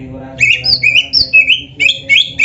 figurar, figurar, figurar,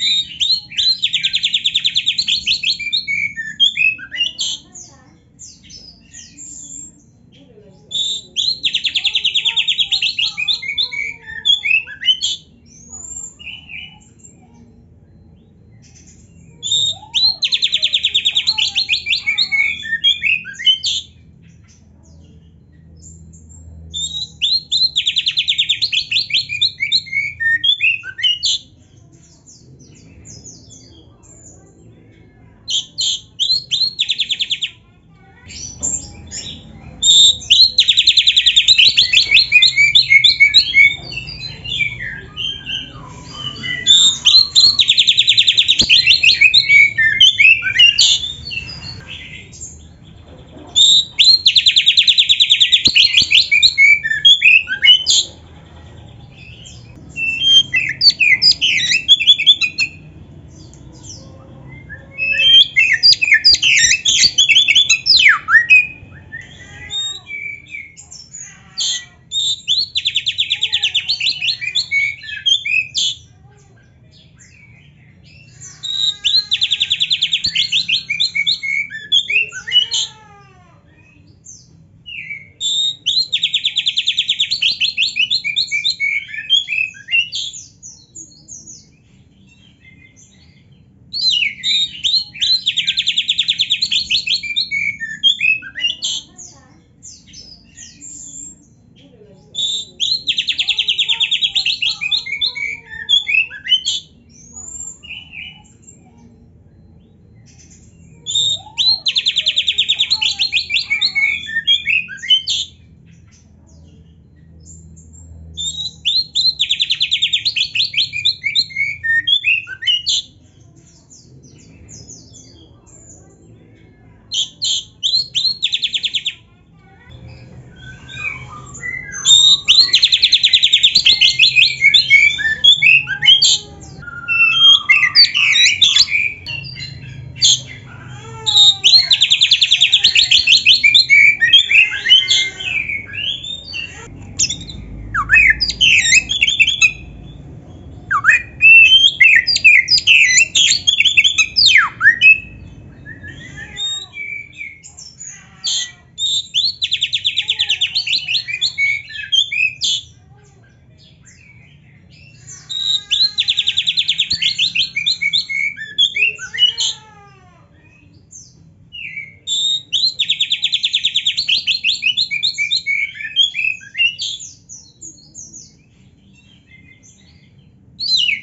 Thank you.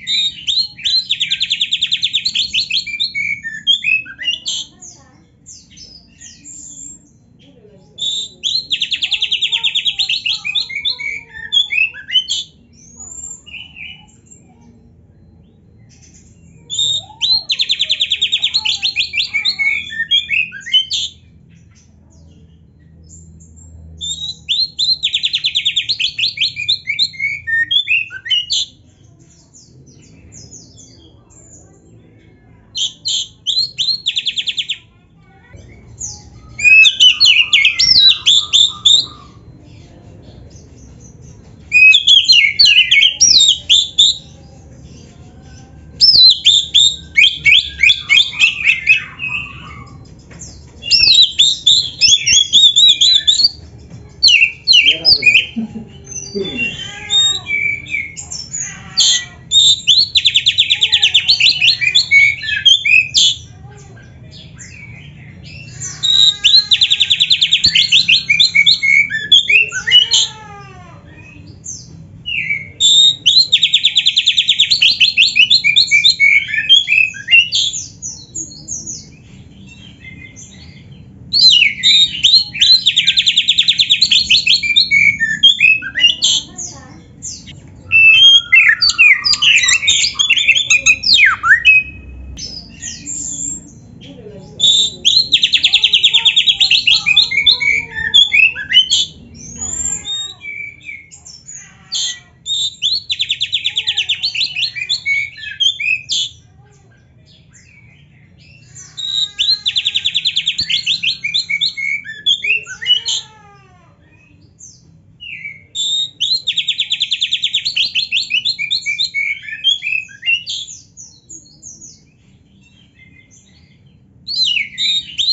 Thank you. Thank you.